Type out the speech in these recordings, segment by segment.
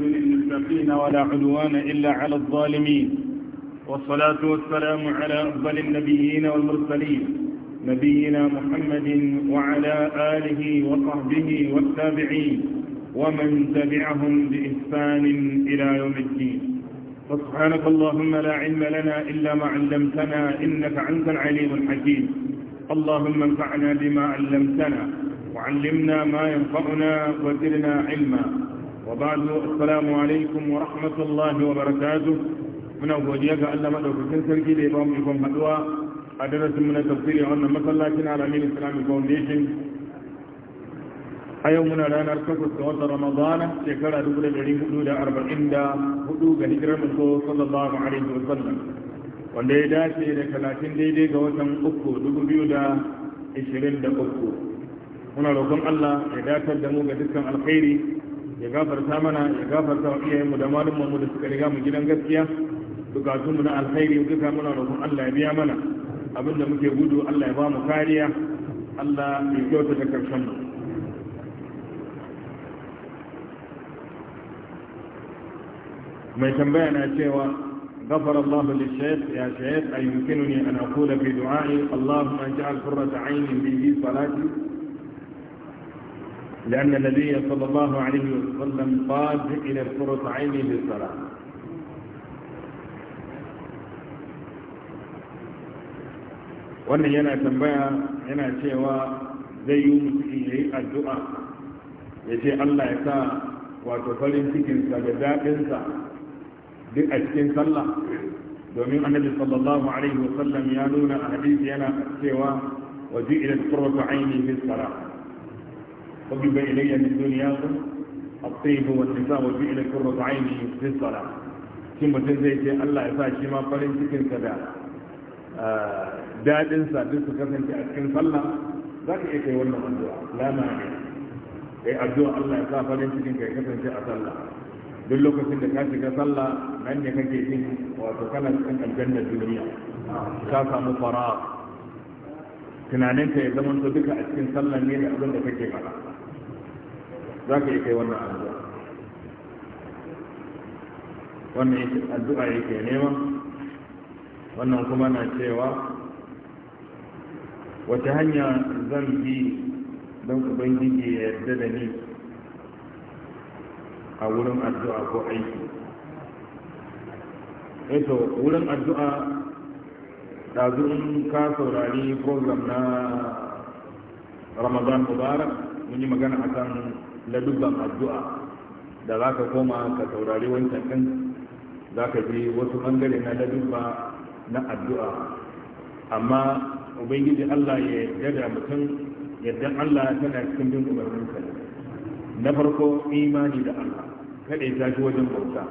للمتقين ولا عدوان إلا على الظالمين والصلاة والسلام على أفضل النبيين والمرسلين نبينا محمد وعلى آله وصحبه والتابعين ومن تبعهم بإحسان إلى يوم الدين وسبحانك اللهم لا علم لنا إلا ما علمتنا إنك أنت العليم الحكيم اللهم انفعنا بما علمتنا وعلمنا ما ينفعنا وزرنا علما وبعد السلام عليكم ورحمة الله وبركاته من أبوديك ألا مدعوك سنسلكي لإبام إبام هدوى أدرس من التفسير عن مسلاكنا على أمين السلام الفونديشن a yau muna ranar takwas ga watan ramadana shekara dubu da dari hudu da arba'in da hudu ga hijirar mutu sallallahu alaihi wa sallam wanda ya dace da talatin daidai ga watan uku dubu biyu da ishirin da uku muna roƙon allah ya dakatar da mu ga dukkan alkhairi ya gafarta mana ya gafarta wa iyayenmu da malumanmu da suka riga mu gidan gaskiya bukatunmu na alkhairi duka muna roƙon allah ya biya mana abinda muke gudu allah ya ba mu kariya allah ya kyautata karshen mu mai tambaya na cewa غفر الله للشيخ يا شيخ أيمكنني أن أقول في دعائي اللهم اجعل قرة عين في صلاتي لأن النبي صلى الله عليه وسلم قال إلى قرة عيني للصلاة wannan yana tambaya yana cewa zai yi mutum ya yi addu'a ya ce allah ya sa wato farin cikinsa da daɗinsa duk a cikin sallah domin annabi sallallahu alaihi wa sallam ya nuna a hadisi yana cewa wa ju'ila qurratu aini fi salah qubba ya min dunyakum at-tayyib wa an-nisa wa ju'ila qurratu aini fi salah shin mutum zai ce Allah ya sa shi ma farin cikin sa da ah, dadin sa duk su kasance a cikin sallah za ka iya kai wannan addu'a la ma'ana kai addu'a Allah ya sa farin cikin ka kasance a sallah duk lokacin da ka shiga sallah nan ne kake jin wato kana cikin aljannar duniya ka samu fara tunaninka ya zama to duka a cikin sallah ne da abin da kake fara za ka yi kai wannan addu'a wannan yake addu'a yake nema wannan kuma na cewa wata hanya zan bi don ubangiji ya yarda da ni a wurin addu'a ko aiki eto eh wurin addu'a ɗazun ka saurari program na ramadan mubarak mun yi magana a kan ladubban addu'a da za ka koma ka saurari wancan ɗin za ka ji wasu ɓangare na ladubba na addu'a amma ubangiji allah ya yarda mutum yadda allah tana cikin bin umarninsa ne na farko imani da Allah kada ya tashi wajen bauta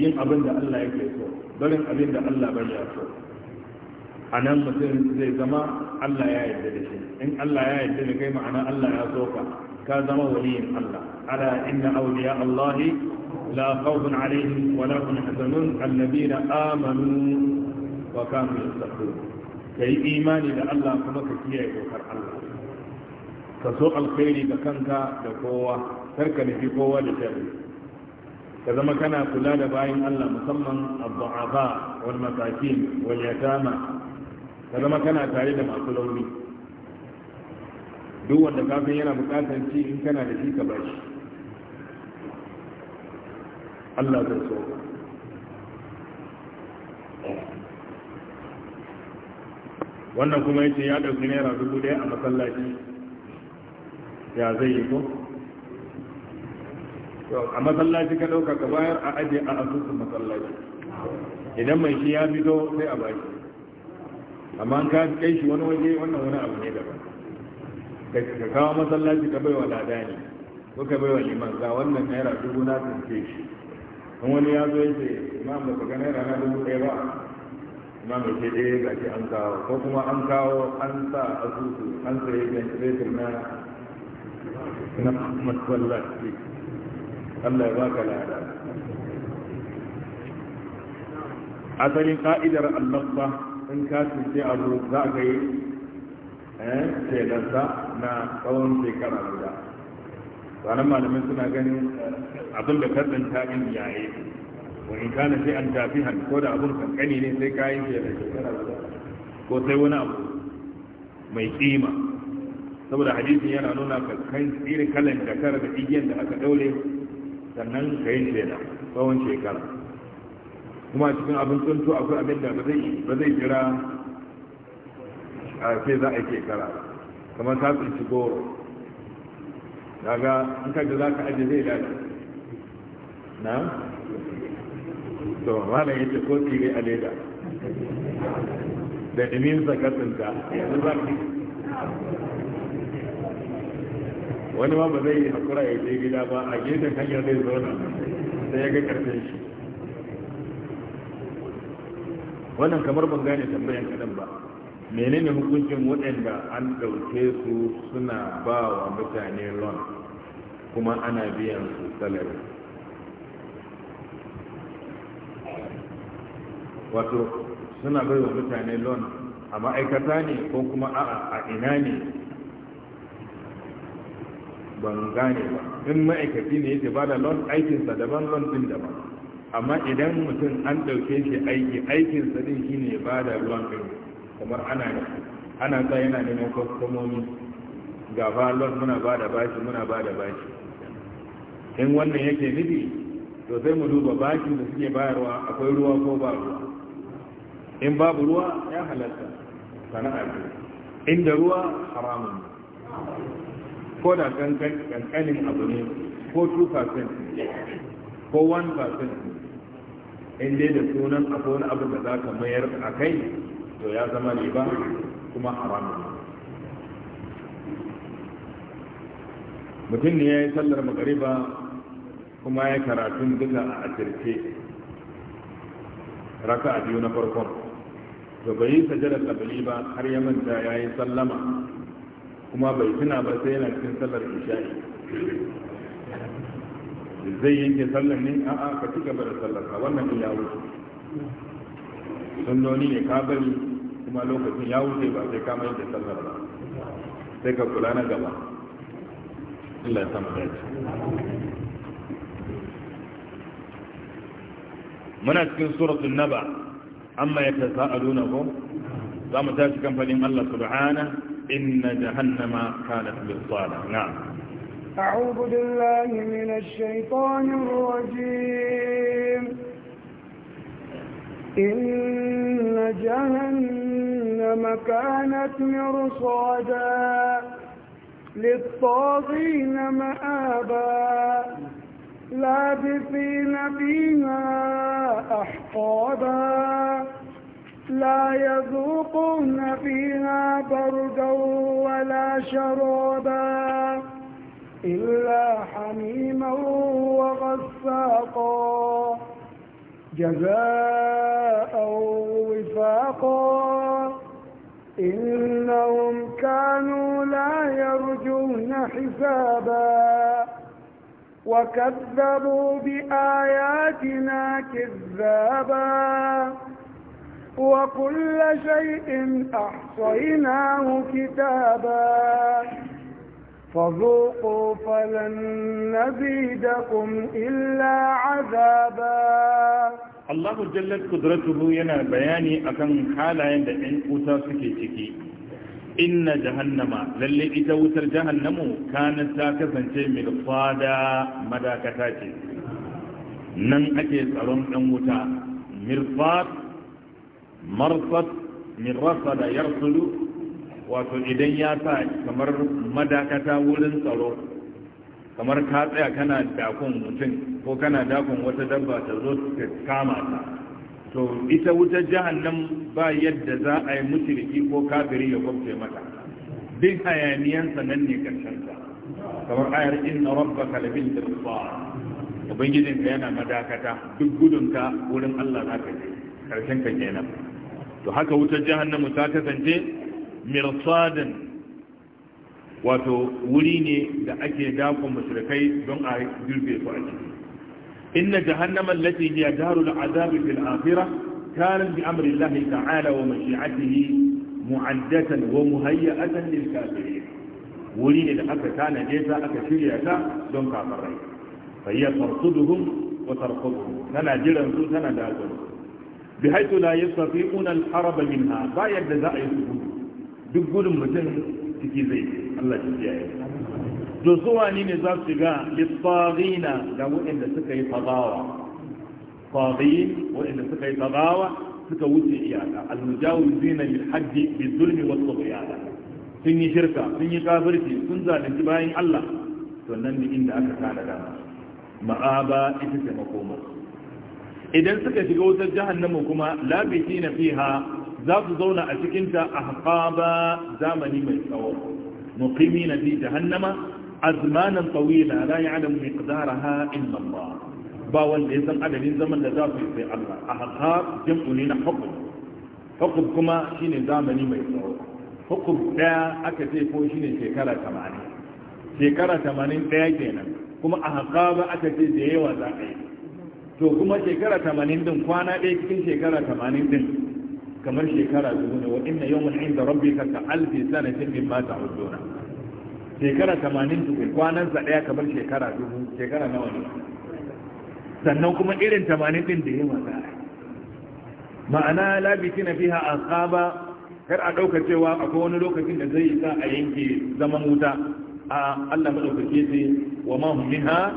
yin abin da Allah yake so barin abin da Allah bai ya so a nan mutum zai zama Allah ya yarda da shi in Allah ya yarda da kai ma'ana Allah ya so ka ka zama waliyin Allah ala inna awliya Allah la khawfun alaihim wa la hum yahzanun alladhina amanu wa kanu yattaqun kai imani da Allah kuma ka kiyaye dokar Allah ka so alkhairi ga kanka da kowa kar ka nufi kowa da sharri ka zama kana kula da bayan Allah musamman wani wal masakin wal yatama ka zama kana tare da masu launi duk wanda kafin yana bukatar ci in kana da shi ka bashi Allah zai so wannan kuma yace ya dauki naira dubu daya a masallaci ya zai yi ko a masallaci ka ɗaukaka ka bayar a aje a asusun masallaci idan mai shi ya fito sai a baki amma ka kai shi wani waje wannan wani abu ne daban ka kawo masallaci ka baiwa ne, ko ka baiwa liman ga wannan naira dubu na tunce shi in wani ya zo yace imam ba ka naira na dubu ɗaya ba imam mai ke ɗaya ga shi an kawo ko kuma an kawo an sa asusu an sayi ventilator na Na نعمت Allah ya baka لها asalin ka'idar annabta in ka cuce abu za ka yi shekarsa eh, na tsawon shekara guda ranar malamin suna ganin eh, abin da katsin ta'in yaye Wani in kana sai an tafi hannu ko da abin kankani ne sai kayan shekara guda ko sai wani abu mai kima saboda hadisin yana nuna ka kan tsiri kalan jakar da igiyar da aka daure sannan ka yi shaida tsawon shekara kuma cikin abin tsuntu akwai abin da ba zai jira a sai za a yi shekara kamar ta tsinci goro daga in kaji za ka ajiye zai dace na to malam yace ko tsire a leda da ɗimin sa yanzu za ka wani ma ba zai yi hakura ya je gida ba a gefen hanyar zai zauna sai ya ga karfe shi wannan kamar ban gane tambayan kadan ba menene hukuncin waɗanda an ɗauke su suna ba wa mutane lon kuma ana biyan su salari wato suna bai wa mutane lon a ma'aikata ne ko kuma a'a a ina ne ban gane ba in ma'aikaci ne yake bada lon aikinsa daban lon din daban amma idan mutum an ɗauke shi aiki aikinsa din ne ya bada lon din kamar ana ana sa yana neman kwastomomi gaba lon muna bada bashi muna bada bashi in wannan yake nufi to sai mu duba bashi da suke bayarwa akwai ruwa ko ba ruwa in babu ruwa ya halatta sana'a inda ruwa haramun ko da kankanin abu ne ko 2% ko 1% inda da sunan akwai wani abu da za ka mayar a kai to ya zama riba kuma haramun mutum ne ya yi sallar magariba kuma ya karatun duka a asirce raka a biyu na farkon to bai yi sajada tabbali ba har ya manta ya yi sallama kuma bai tuna ba sai yana cikin sallar isha'i zai yanke sallar ne a a ka ci gaba da sallar ka wannan ya wuce sunnoni ne ka bari kuma lokacin ya wuce ba sai ka mai da sallar ba sai ka kula na gaba Allah ya samu dace muna cikin suratul naba amma ya sa'aduna ko za mu tashi kamfanin Allah subhanahu إن جهنم كانت مرصادا نعم أعوذ بالله من الشيطان الرجيم إن جهنم كانت مرصادا للطاغين مآبا لابثين فيها أحقابا لا يذوقون فيها بردا ولا شرابا إلا حميما وغساقا جزاء وفاقا إنهم كانوا لا يرجون حسابا وكذبوا بآياتنا كذابا وكل شيء أحصيناه كتابا فذوقوا فلن نزيدكم إلا عذابا Allah jallar kudratuhu yana bayani akan halayen da 'yan wuta suke ciki inna jahannama lalle ita wutar jahannamu kanin ta kasance mai fada madakata ce nan ake tsaron 'yan wuta mirfat marsad min rasada yarsudu wato idan ya sa kamar madakata wurin tsaro kamar ka tsaya kana dakon mutum ko kana dakon wata dabba ta zo ta kama ta to ita wuta jihar jahannan ba yadda za a yi mushriki ko kafiri ya gwamce mata duk hayaniyansa nan ne karshen kamar ayar inna da labil mirsad ubangijinka yana madakata duk gudunka wurin Allah za ka je karshen ka kenan to haka wutar jahannama ta kasance mirsadan wato wuri ne da ake dakon mushrikai don a girbe su a ciki inna jahannama allati hiya da azab fil akhirah kanat bi amri allah ta'ala wa mashi'atihi mu'addatan wa muhayyatan lil kafirin wuri ne da aka tanaje ta aka shirya ta don kafirai fa hiya tarsuduhum wa tarquduhum tana jiran su tana dakon bi haitu la yastati'una al-haraba minha ba yadda za a yi su duk gudun mutum ciki zai Allah ya kiyaye to suwa ne za su ga litsagina da waɗanda suka yi fadawa waɗanda suka yi fadawa suka wuce iyaka al na lil hajji bi zulmi wa tughyana sun yi shirka sun yi kafirci sun zalunci bayan Allah to nan ne inda aka kana da ma'aba ita ce makoma idan suka shiga wutar jahannama kuma labiti na fiha za su zauna a cikinta a haƙaba zamani mai tsawo muqimi na fi jahannama azmanan tsawila la ya'lamu miqdaraha illa Allah ba ba wanda ya san adadin zaman da za su yi sai Allah a haƙab jam'u na hukm hukm kuma shine zamani mai tsawo hukm ɗaya aka ce ko shine shekara tamanin shekara tamanin ɗaya kenan kuma a haƙaba aka ce da yawa za a yi to kuma shekara tamanin din kwana ɗaya cikin shekara tamanin din kamar shekara dubu ne wa inna yawman inda rabbi ka alfi sanatin mimma ta'uduna shekara tamanin dubu kwanan sa ɗaya kamar shekara dubu shekara nawa ne sannan kuma irin tamanin din da yawa za a ma'ana labiti na fiha a Asaba, kar a ɗauka cewa akwai wani lokacin da zai isa a yanke zaman wuta a allah maɗaukake ce wa mahimmin ha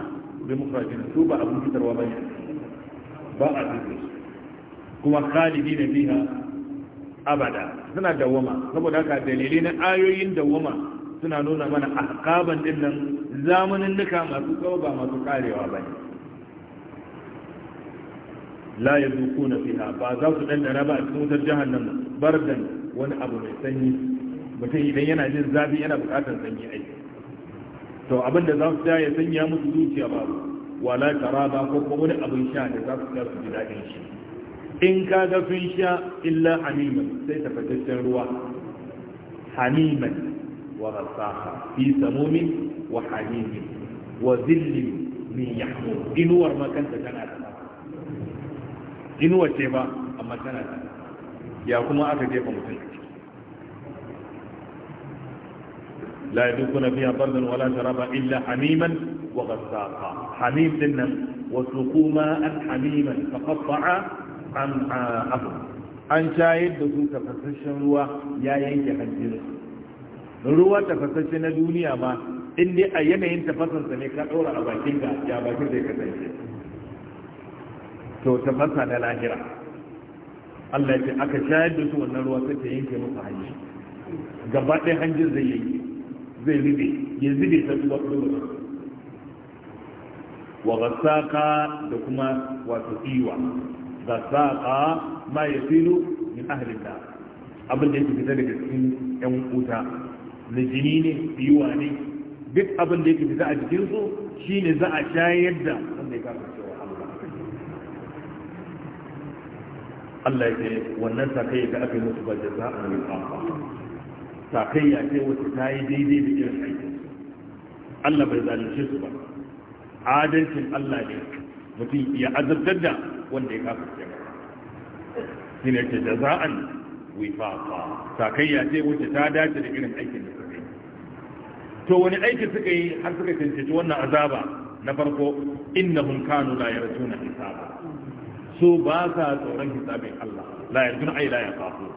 bi mufrajin su ba abin fitarwa ba ne ba a tuɓe kuma khalidi na biya abada suna dawwama saboda haka dalilai na ayoyin dawama suna nuna mana ahkaban din nan zamanin nuka masu tsawo ba masu karewa ba ne la ya zuku na fiha ba za su dandana ba a cikin wutar jahannan da wani abu mai sanyi mutum idan yana jin zafi yana bukatar sanyi aiki to abinda za su ya sanya musu zuciya babu wala karaba ko ko wani abin sha da za su ga su ji daɗin shi in ka ga sun sha illa hamiman sai ta tafataccen ruwa hamiman wa rasaha fi samumin wa hamimin wa zillin min yahmu inuwar makanta tana da inuwar ce ba amma tana da ya kuma aka jefa mutum لا يدخل فيها yadukuna ولا bardan الا حميما وغساقا hamim din nan wasu kuma an hamiman faƙafa'a an abu an shayar da su tafasasshen ruwa ya yanke hanjin ruwa tafasasshe na duniya ma in dai a yanayin tafasansa ne ka ɗora a bakin ga ya bakin zai kasance to tafasa na lahira Allah ya ce aka shayar da su wannan ruwa sai ta yanke musu hanji gaba ɗaya hanjin zai yanke zai rube ya zube ta zuwa ɗora wa gasaka da kuma wato iwa gasaka ma ya filo min ahalin da abin da yake fita daga cikin yan wuta na jini ne iwa ne duk abin da yake fita a jikinsu shine za a shayar da wanda ya kafa cewa Allah ya ce wannan sakai da aka yi musu ba jaza a wani kafa sakayya ce wacce ta yi daidai da irin aikin Allah bai zalunce su ba adalcin Allah ne mutum ya azabtar da wanda ya kafa ce shi ne ce jaza'an wifaqa sakayya ce wacce ta dace da irin aikin da suka yi to wani aiki suka yi har suka cancanci wannan azaba na farko innahum kanu la yarjuna hisaba su ba sa tsoron hisabin Allah la yarjuna ay la yaqafu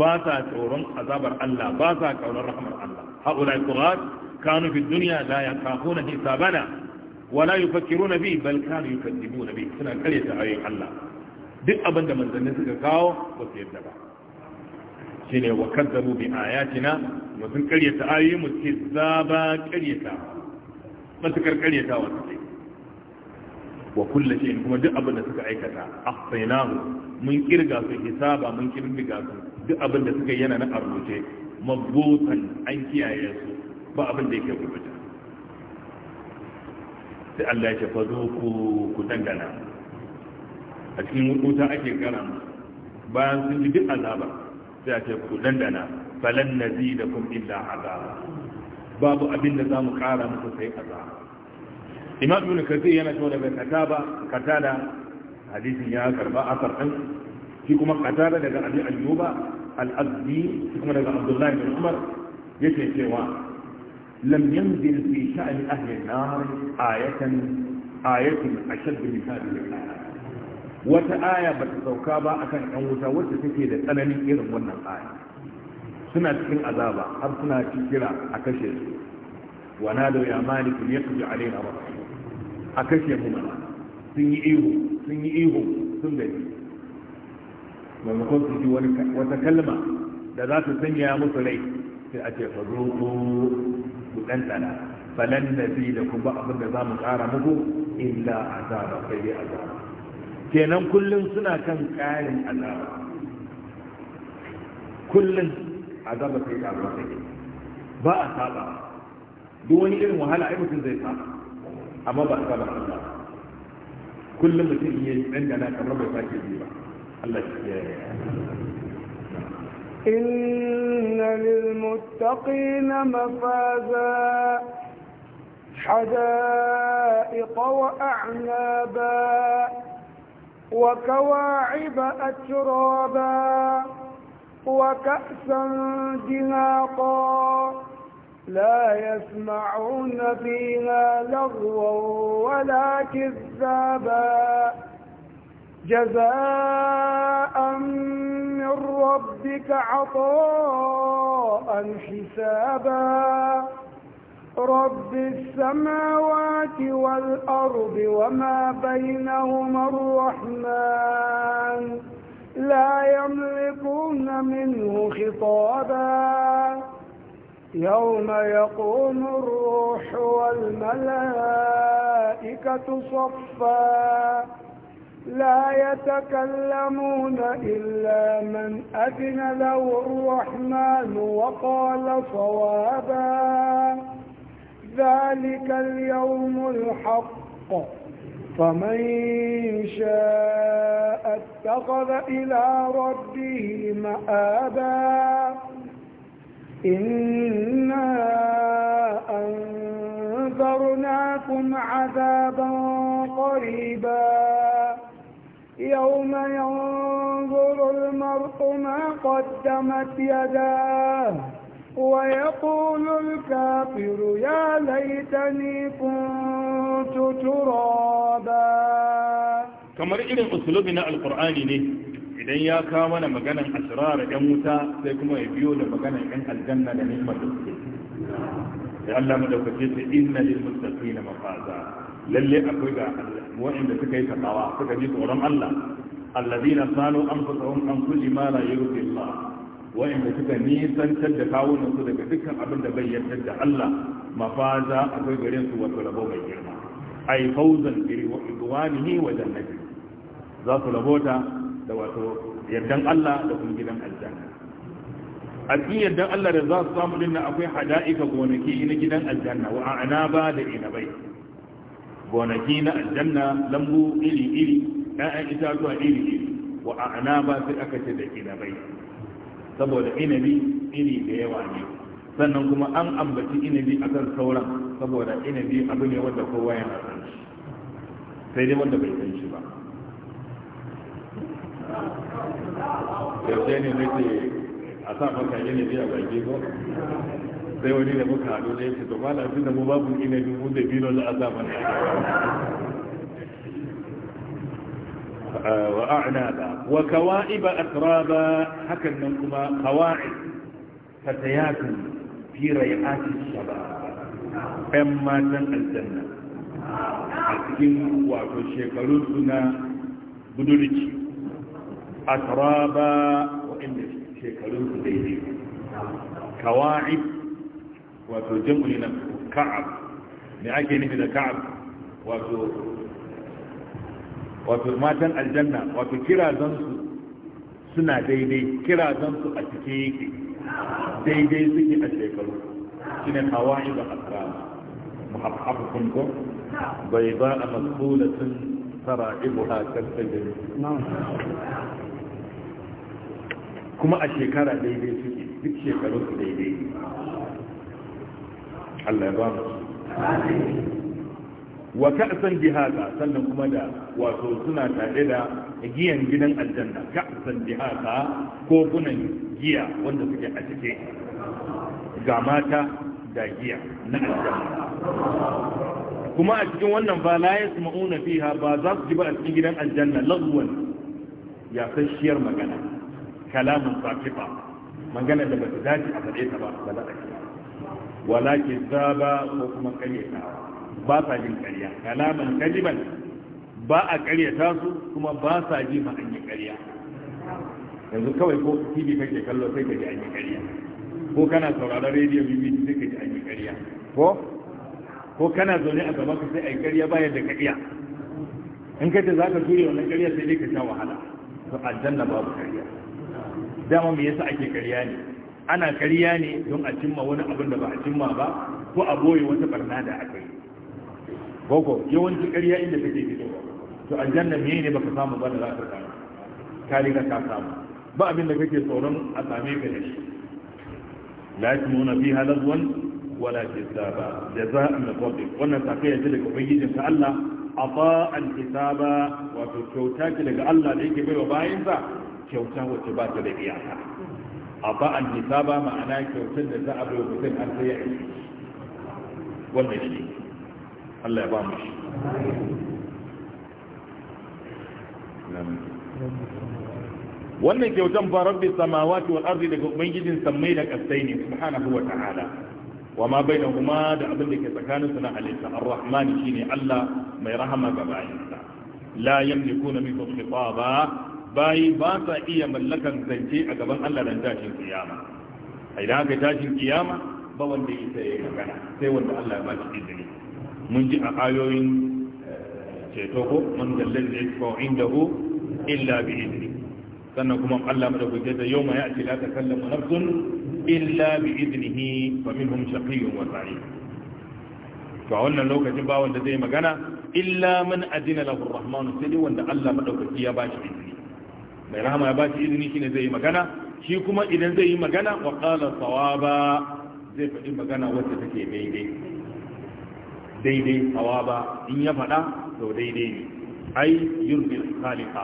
ba sa tsoron azabar Allah ba sa kaunar rahmar Allah haula qur'an kanu fi dunya la yaqafuna hisabana wala yufakkiruna bi bal kanu yukadzibuna bi suna kare ta ayoyin Allah duk abin da manzanni suka kawo ba su yadda ba shine wa kadzabu bi ayatina wa sun kare ta ayoyin mu kizaba kare ta matakar kare ta wa sai wa kullu shay'in kuma duk abin da suka aikata ahsaynahu mun kirga su hisaba mun kirga su duk abin da suka yana na arbuce mabbutan an kiyaye su ba abin da yake rubuta sai Allah ya fa ku ku dangana a cikin wuta ake kara bayan sun ji duk azaba sai a ce ku dangana falan kun illa azaba babu abin da zamu kara muku sai azaba imam ibn kathir yana cewa daga kataba katada hadisin ya karba asar din shi kuma katada daga abi ayyuba al-azdi shi kuma daga abdullahi bin umar yake cewa لم ينزل في شأن أهل النار آية آية أشد من هذه الآية wata aya ba ta sauka ba a kan ‘yan wuta wacce take da tsananin irin wannan aya suna cikin azaba har suna ci kira a kashe su wana da ya kuma ya kuji alai na a kashe mu mana sun yi ihu sun yi ihu sun su ji wata kalma da za ta sanya musu rai sai a ku ɗanɗana falan da fi da kuma abin da za mu ƙara muku illa azaba sai dai azaba kenan kullum suna kan ƙarin azaba kullum azaba sai dai azaba sai ba a saba duk wani irin wahala ai mutum zai saba amma ba a saba Allah kullum mutum ya yi ɗanɗana kamar bai sake ji ba Allah ya إن للمتقين مفازا حدائق وأعنابا وكواعب أترابا وكأسا جناقا لا يسمعون فيها لغوا ولا كذابا جزاء من ربك عطاء حسابا رب السماوات والأرض وما بينهما الرحمن لا يملكون منه خطابا يوم يقوم الروح والملائكة صفا لا يتكلمون إلا من أذن له الرحمن وقال صوابا ذلك اليوم الحق فمن شاء اتخذ إلى ربه مآبا إنا أنذرناكم عذابا قريبا يوم ينظر المرء ما قدمت يداه ويقول الكافر يا ليتني كنت ترابا كما رئيب بناء القرآن له إذن يا كامل مقانا أسرار جموتا سيكما يبيون مقانا إن الجنة لنهمة السيد لعلم لو كتبت إن للمستقين مقازا lalle akwai ga wa'inda suka yi takawa suka ji tsoron Allah alladina sanu anfusahum an kulli ma la yurdi Allah wa'inda suka nisantar da kawunan su daga dukkan abin da bai yarda da Allah mafaza akwai gare su wato rabo mai girma ai fawzan bi ridwanihi wa jannati za su rabota da wato yardan Allah da kuma gidan aljanna a cikin yardan Allah da za su samu dinna akwai hada'ika gonaki na gidan aljanna wa'ana ba da inabai gonaki na aljanna lambu iri iri ƴaƴan itatuwa iri iri wa ana ba sai aka ce da inabai saboda inabi iri da yawa ne sannan kuma an ambaci inabi akan sauran saboda inabi abu ne wanda kowa yana san shi sai dai wanda bai san shi ba yaushe ne nake a sa maka inabi a baki ko sai wani da muka haɗu da yake to malam tun da mu babu inabi mu da bino eh, da azaban وأعنابا وكوائب أترابا حكا منكما قواعد فتيات في ريعات الشباب أما تن الجنة أتكين وعطو الشيكالون هنا بدولتي أترابا وإن الشيكالون ليلي كواعب wato jam'uli na ka'ab me ake nufi da ka'ab wato wato matan aljanna wato kirazansu suna daidai kirazansu a cike yake daidai suke a shekaru shi ne hawaii da asrama muhabbatun ko bai ba a makulatun sara'ibuha kasajin kuma a shekara daidai suke duk shekaru su daidai Allah ya ba mu wa ka'san sannan kuma da wato suna tare da giyan gidan aljanna ka'san bihaka kogunan giya wanda suke a cike ga mata da giya na aljanna kuma a cikin wannan ba la yasma'una fiha ba za su ji ba a cikin gidan aljanna lagwan ya sashiyar magana kalamun sakifa magana da ba su dace a faɗe ta ba ba za a wala zaba ko kuma karyata ba sa jin karya kalaman kaliman ba a karyata su kuma ba sa ji ma an yi karya yanzu kawai ko tv kake kallo sai ka ji an yi karya ko kana sauraron rediyo bbc sai ka ji an yi karya ko ko kana zaune a gaba ka sai a yi karya bayan da karya in ka ce za ka ture wannan karya sai dai ka sha wahala to aljanna babu karya dama me yasa ake karya ne ana kariya ne don a cimma wani abin da ba a cimma ba ko a boye wata barna da aka yi boko yawanci kariya inda take fitowa to aljanna me ne baka samu ba da za ka samu ka riga ka samu ba abin da kake tsoron a same ka da shi la yasmuna fiha lazwan wala kisaba jazaa'an min rabbik wannan safiya ce daga ubangijin ka Allah ata'an kisaba wato kyauta ce daga Allah da yake baiwa bayinsa kyauta wacce ba ta da iyaka a nisa ba ma'ana kyautar da za a bai mutum an sai ya yi wannan shi Allah ya ba mu shi wannan kyautan ba rabbi samawati wal ardi daga ubangijin sammai da kasai ne subhanahu wa ta'ala wa ma bainahuma da abin da ke tsakanin su na halitta ar-rahman shine Allah mai rahama ga bayinsa la yamlikuna minhu khitaba bayi ba sa iya mallakan zance a gaban Allah dan tashin kiyama a idan aka tashin kiyama ba wanda ya sai magana sai wanda Allah ya ba shi izini mun ji a ayoyin eh, ceto ko man dallan da yake ko indahu illa bi izini sannan kuma Allah madaukake da yau ma ya ce ta takallamu nafsun illa bi idnihi fa minhum shaqiyyun wa sa'id to a wannan lokacin ba wanda zai magana illa man adina lahu arrahman sai wanda Allah madaukaki ya bashi izini mai rahama ya bashi izini ne zai yi magana shi kuma idan zai yi magana wa qala sawaba zai faɗi magana wacce take daidai daidai sawaba in ya faɗa to daidai ne ai yurbil khaliqa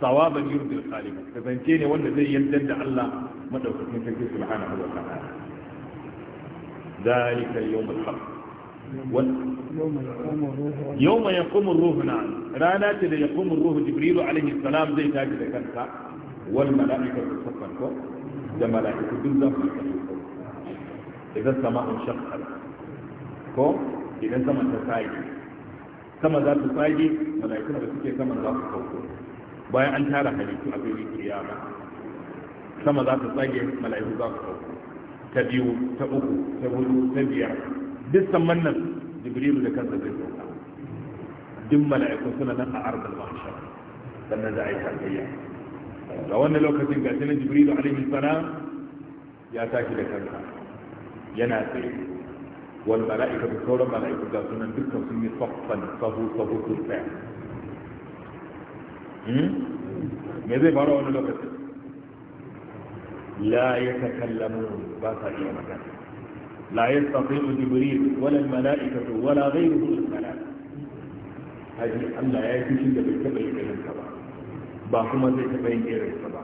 sawaban yurbil khaliqa kasance ne wanda zai yarda da Allah madaukakin sarki subhanahu wa ta'ala dalika yawmul haqq يوم يقوم الروح نعم رانا تدي يقوم الروح جبريل عليه السلام زي تاج ذكرتا والملائكة فوق يا ملائكة في جزا إذا السماء انشقت فوق إذا السماء تساعد كما ذات تساعد ملائكة بسكي كما ذات فوق بايا أنت هذا حديث أبي القيامة كما ذات تساعد ملائكة ذات فوق تبيو تبوكو تبوكو تبيع duk samman nan jibrilu da kansa zai sauka duk mala'iku suna nan a arzal mahshar sannan za a yi tarayya ga wannan lokacin ga na jibrilu alaihi salam ya tashi da kansa yana tsaye wal mala'ika da sauran mala'iku ga sunan dukkan sun yi saffan sahu sahu sun tsaya me zai faru a wani lokacin la ya takallamu ba sa iya magana لا يستطيع جبريل ولا الملائكة ولا غيره من الملائكة هذه الله يا كشن da bai taba yin ba ba kuma zai taba yin irin ba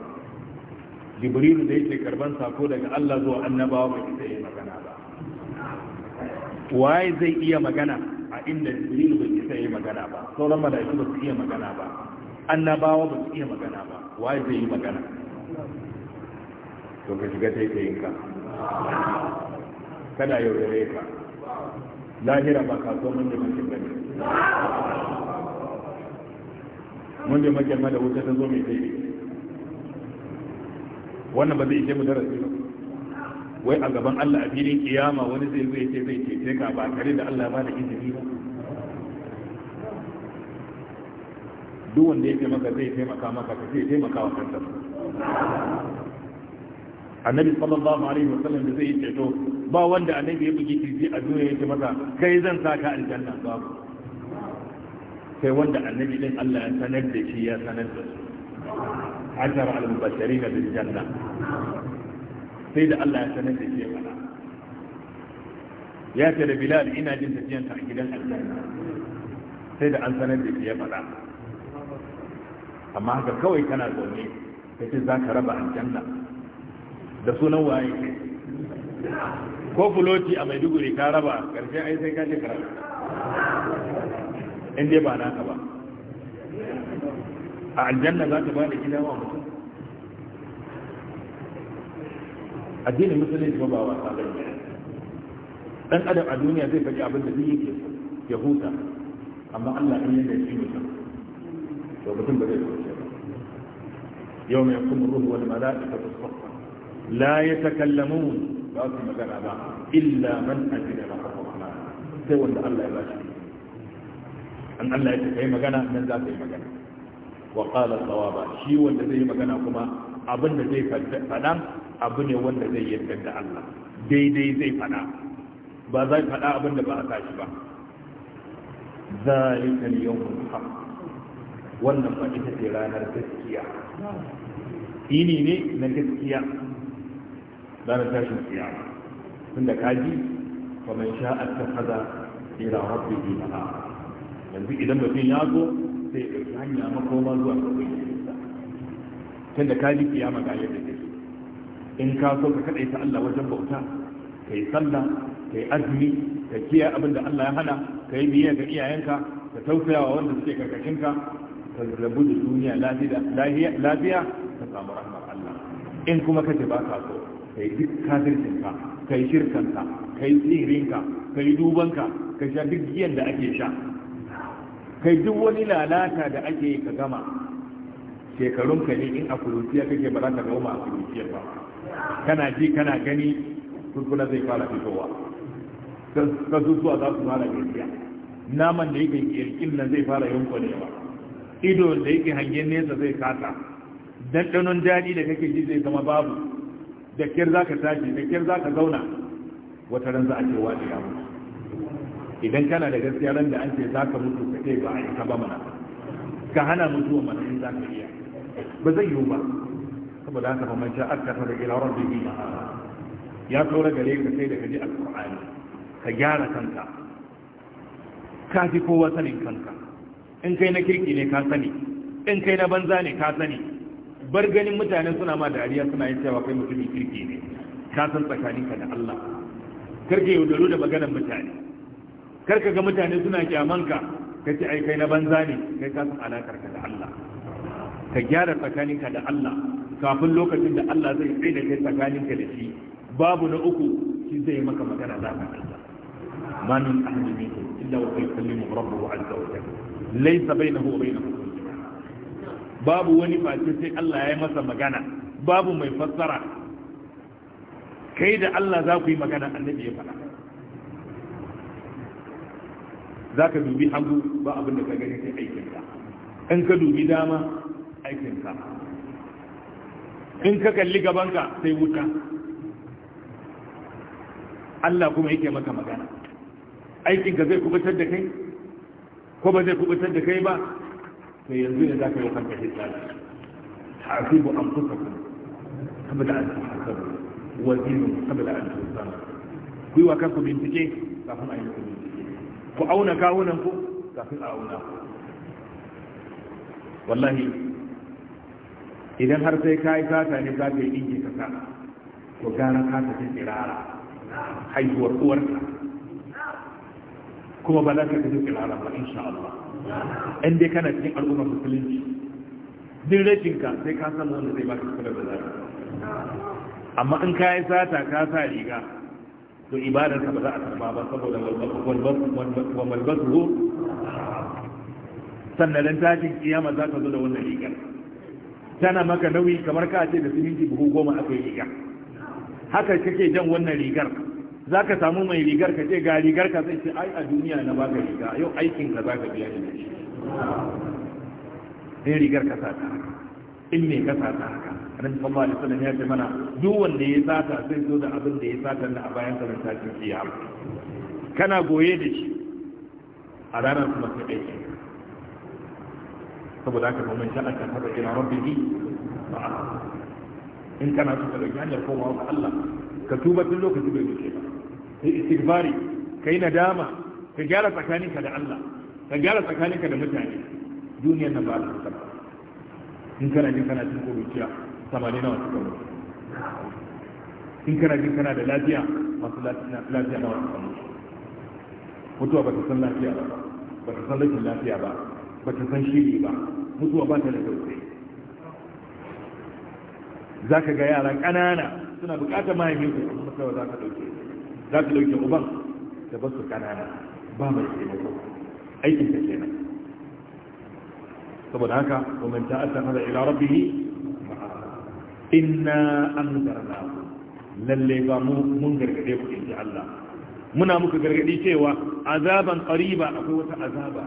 jibril da yake karban sako daga Allah zuwa annabawa bai sai magana ba waye zai iya magana a inda jibril bai sai magana ba sauran malaiku ba su iya magana ba annabawa ba su iya magana ba waye zai yi magana to ka shiga kana yaudare ka lahira ba kasuwar mun da makin bane mun da makin ma da wuta ta zo mai daidai wannan ba zai ishe mu darasi ba wai a gaban Allah a filin kiyama wani zai zai ce zai ce ka ba tare da Allah ba da izini ba duk wanda ya taimaka zai taimaka maka ka zai taimaka wa kansa annabi sallallahu alaihi wasallam da zai yi ceto ba wanda annabi ya bugi kirji a duniya yake masa kai zan sa ka aljanna babu sai wanda annabi din Allah ya sanar da shi ya sanar da su ashar al-mubashirin bil janna sai da Allah ya sanar da shi ya fara. ya ce da Bilal ina jin tafiyan ta gidan aljanna sai da an sanar da shi ya fara. amma haka kawai kana zaune kace ka raba aljanna da sunan waye ko fuloti a maiduguri ka raba karfe ai sai ka ce karatu in dai ba naka ba a aljanna za ta ba da gida wa mutum addinin musulunci ba ba wasa ba dan adam a duniya zai faɗi abin da zai yake ya huta amma Allah ya yadda shi mutum to mutum ba zai kauce ba yau mai kuma ruhu wal mala'ika tasfa la yatakallamun ba su magana ba illa man ajira da rahman sai wanda Allah ya bashi an Allah ya ce kai magana nan za ka yi magana wa tsawa ba shi wanda zai yi magana kuma abin da zai faɗa abu ne wanda zai yarda da Allah daidai zai faɗa ba zai faɗa abin da ba a tashi ba zalika al-yawmul haqq wannan ba ita ce ranar gaskiya ini ne na gaskiya ranar tashin kiyama tunda kaji wa man sha'a takhadha ila rabbihi ma'a yanzu idan mutum ya zo sai ya ɗauki hanya makoma zuwa ga ubangijinsa tunda kaji kiyama ga yadda take in ka so ka kadai ta Allah wajen bauta ka yi sallah ka yi azumi ka kiyaye abin da Allah ya hana ka yi biyayya ga iyayenka ka tausayawa wanda suke karkashinka ka rabu da duniya lafiya ka samu rahmar Allah in kuma kace ba ka so kai duk kafircinka kai shirkanka kai tsirinka kai dubanka ka sha duk giyan da ake sha kai duk wani lalata da ake ka gama shekarun ka ne in a kurutiya kake ba za ka gauma a kuruciyar ba kana ji kana gani kurkuna zai fara fitowa Ka zuwa za su fara gajiya naman da yake kirkin nan zai fara yankwanewa ido da yake hangen nesa zai kasa dandanon daɗi da kake ji zai zama babu da kyar za ka tashi da kyar za ka zauna wata ran za a ce wani ya mutu idan kana da gaskiya ran da an ce za ka mutu ka ce ba a yi ka ba mana ka hana mutuwa mana in za ka iya ba zai yiwu ba saboda haka ba man ta da ilawar da rabbi ya tsora gare ka sai da ji Alƙur'ani. ka gyara kanka ka fi kowa sanin kanka in kai na kirki ne ka sani in kai na banza ne ka sani bar ganin mutane suna ma dariya suna yin cewa kai mutumin kirki ne ka san tsakaninka da Allah karka yaudaro da maganar mutane karka ga mutane suna kyamanka ka ce ai kai na banza ne kai ka san alakar ka da Allah ka gyara tsakaninka da Allah kafin lokacin da Allah zai kai da kai tsakaninka da shi babu na uku shi zai maka magana za ka Allah ma min ahadin illa wa yukallimu rabbuhu azza wa jalla laysa bainahu wa bainahu babu wani face sai Allah ya yi masa magana babu mai fassara kai da Allah za ku yi magana annabi ya faɗa za ka dubi hangu ba abin da ka gani sai aikinka in ka dubi dama aikinka in ka kalli gabanka sai wuta Allah kuma yake maka magana aikinka zai kubutar da kai ko ba zai kubutar da kai ba to yanzu ne za ka yi kanka hisabi ta'afibu anfusakum qabla an tuhasabu wa dinu qabla an tusabu ku yi wa kanku bincike kafin a yi muku bincike ku auna kawunan ku kafin a auna ku wallahi idan har sai ka yi sata ne za ka yi inji ka sa to gara ka tafi tsirara haihuwar uwarka kuma ba za ka tafi tsirara ba insha Allah in dai kana cikin al'ummar musulunci duk rashinka sai ka samu wanda zai baka kula da zaka amma in ka yi sata ka sa riga to ibadarka ba za a karba ba saboda walbasu sannan tashin kiyama za ka zo da wannan rigar tana maka nauyi kamar ka ce da siminti buhu goma aka yi riga haka kake jan wannan rigar za ka samu mai rigar ka ce ga rigar ka zai ce ai a duniya na baka riga yau aikin ka za ka biya ne shi rigar ka sata in ne ka sata haka ran kuma alaihi wasallam ya ce mana duk wanda ya sata sai zo da abin da ya sata na a bayan sa ta ci kiyama kana goye da shi a ranar kuma sai aiki saboda haka kuma Allah ka fara ila rabbihi in kana so ka ga hanyar komawa ga Allah ka tuba tun lokacin da kake ba Ka kai ka yi nadama ka gyara tsakaninka da Allah ka gyara tsakaninka da mutane duniyar nan ba a ba in kana jin kana cin kuruciya samani nawa suka mutu in kana jin kana da lafiya masu lafiya nawa suka mutu mutuwa ba ta san lafiya ba ba ta san rashin lafiya ba ba ta san shiri ba mutuwa ba ta da tausayi za ka ga yara ƙanana suna buƙatar mahaifin su kuma sai za ka ɗauke za ka ɗauke uban da basu su ƙanana ba mai taimako aikin ka kenan saboda haka wa man ta'atta hada ila rabbihi inna anzarna lalle ba mu mun gargade ku inji Allah muna muku gargadi cewa azaban qariba akwai wata azaba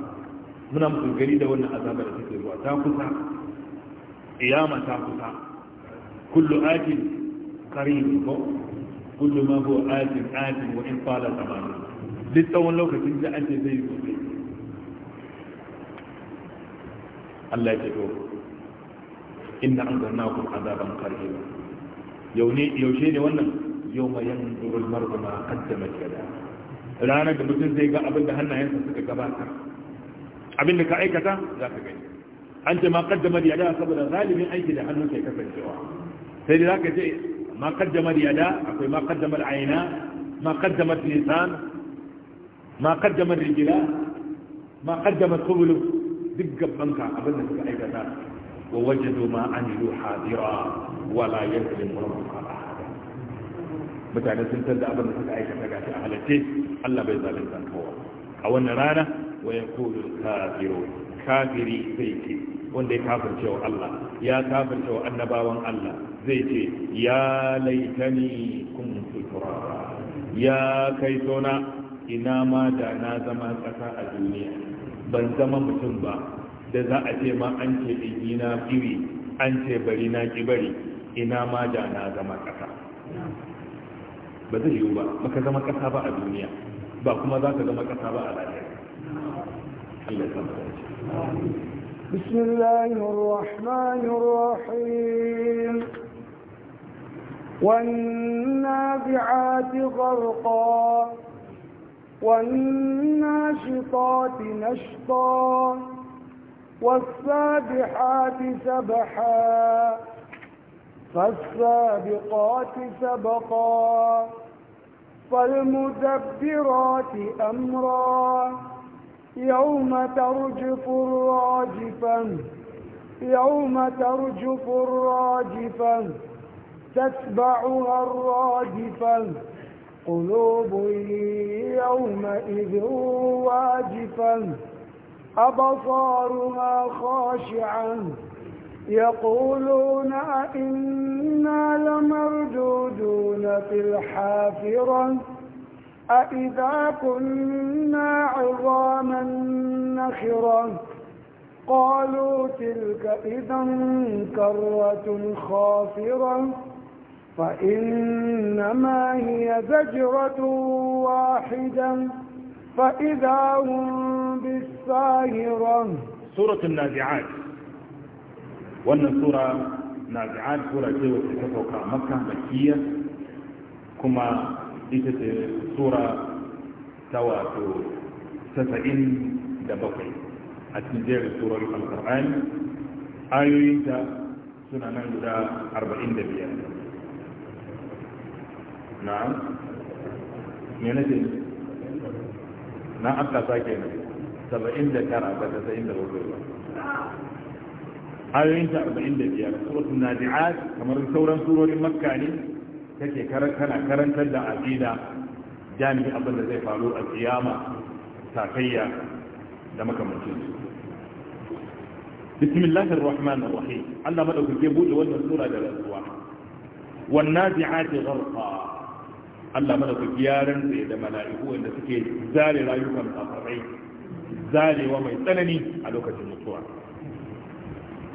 muna muku gargadi da wannan azaba da take zuwa ta kusa iyama ta kusa kullu atin qarib كل ما هو آت آت وإن طال تماما للتوان لو كتنزع أنت زي الله يتجوه إن أنذرناكم عذابا قريبا يو شيني ونا يوم ينظر المرء ما قدمت يداه الآن قد بسن زي قابل بهنا ينسك كباسا عبين لك أي كتا ذاك قيد أنت ما قدمت يداه قبل غالبين أي كده أنه سيكفل سيدي ذاك ma qaddamar yada akwai ma qaddamar aina ma qaddamar lisan ma qaddamar rijila ma qaddamar qubulu duk gaban ka abin da suka aikata wa wajadu ma amilu wala mutane sun tada abin da suka aikata gashi a halatte Allah bai zalunta kowa a wannan rana wa yaqulu kafiru kafiri sai ke wanda ya kafirce wa Allah ya kafirce wa annabawan Allah zai ce ya laitani kun turaba ya kai tona ina ma da na zama tsaka a duniya ban zama mutum ba da za a ce ma an ce ɗigi na kiwi an ce bari na ki bari ina ma da na zama ƙasa ba zai yiwu ba baka zama ƙasa ba a duniya ba kuma za ka zama ƙasa ba a lafiya Allah ya بسم الله الرحمن الرحيم والنابعات غرقا والناشطات نشطا والسابحات سبحا فالسابقات سبقا فالمدبرات أمرا يوم ترجف الراجفة يوم ترجف الراجفة تتبعها الراجفة قلوب يومئذ واجفة أبصارها خاشعة يقولون أئنا لمردودون في الحافرة أإذا كنا عظاما نخرة قالوا تلك إذا كرة خافرة فإنما هي زجرة واحدة فإذا هم بالساهرة سورة النازعات وأن سورة نازعات سورة ce wacce مكة مكية كما ita ce sura ta wato bakwai a cikin jerin surar alkur'ani ayoyinta suna nan guda 45 na ne na ce na aka sake da 79 ba bakwai ba ayoyinta 45 suratun nazi'at kamar sauran surorin makka ne kake kana karantar da aqida jami'in abin da zai faru a kiyama takayya da makamancin su bismillahir rahmanir rahim Allah madaukake bude wannan sura da rantsuwa wan nazi'ati gharqa Allah madaukake yaran rantsa da mala'iku wanda suke zare rayukan kafirai zarewa mai tsanani a lokacin mutuwa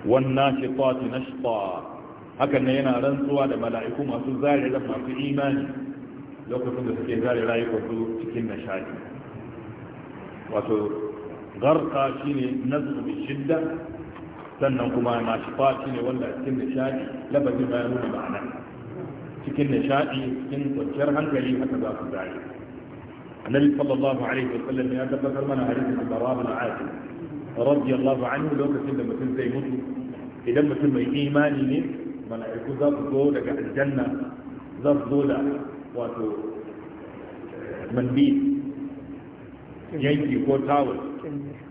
wan nashiqati nashqa hakan nan yana rantsuwa da mala'iku masu zare da masu imani lokacin da suke zare rayuwarsu cikin nishadi wato garka shine nazu bi shidda sannan kuma ma shifa shine wanda cikin nishadi labarin ma nuna ma'ana cikin nishadi cikin kwanciyar hankali haka za su zare annabi sallallahu alaihi wasallam ya tabbatar mana hadisin bara bin azib radiyallahu anhu lokacin da mutum zai mutu idan mutum mai imani ne mala'iku za su zo daga aljanna za su zo da wato mandi yanki ko tawul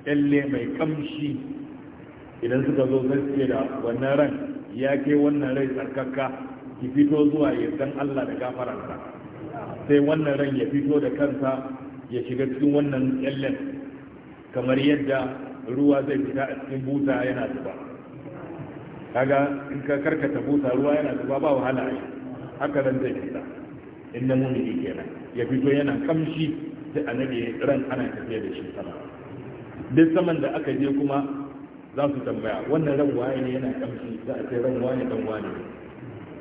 kyalle mai kamshi idan suka zo sai da wannan ran ya ke wannan rai tsarkaka ki fito zuwa yardan Allah da gafaransa sai wannan ran ya fito da kansa ya shiga cikin wannan kyallen kamar yadda ruwa zai fita a cikin buta yana zuba kaga in ka karkata busa ruwa yana zuba ba wahala a haka zan zai fita in na mumini kenan ya fito yana kamshi a annabi ran ana tafiya da shi sama duk saman da aka je kuma za su tambaya wannan ran waye ne yana kamshi za a ce ran waye dan waye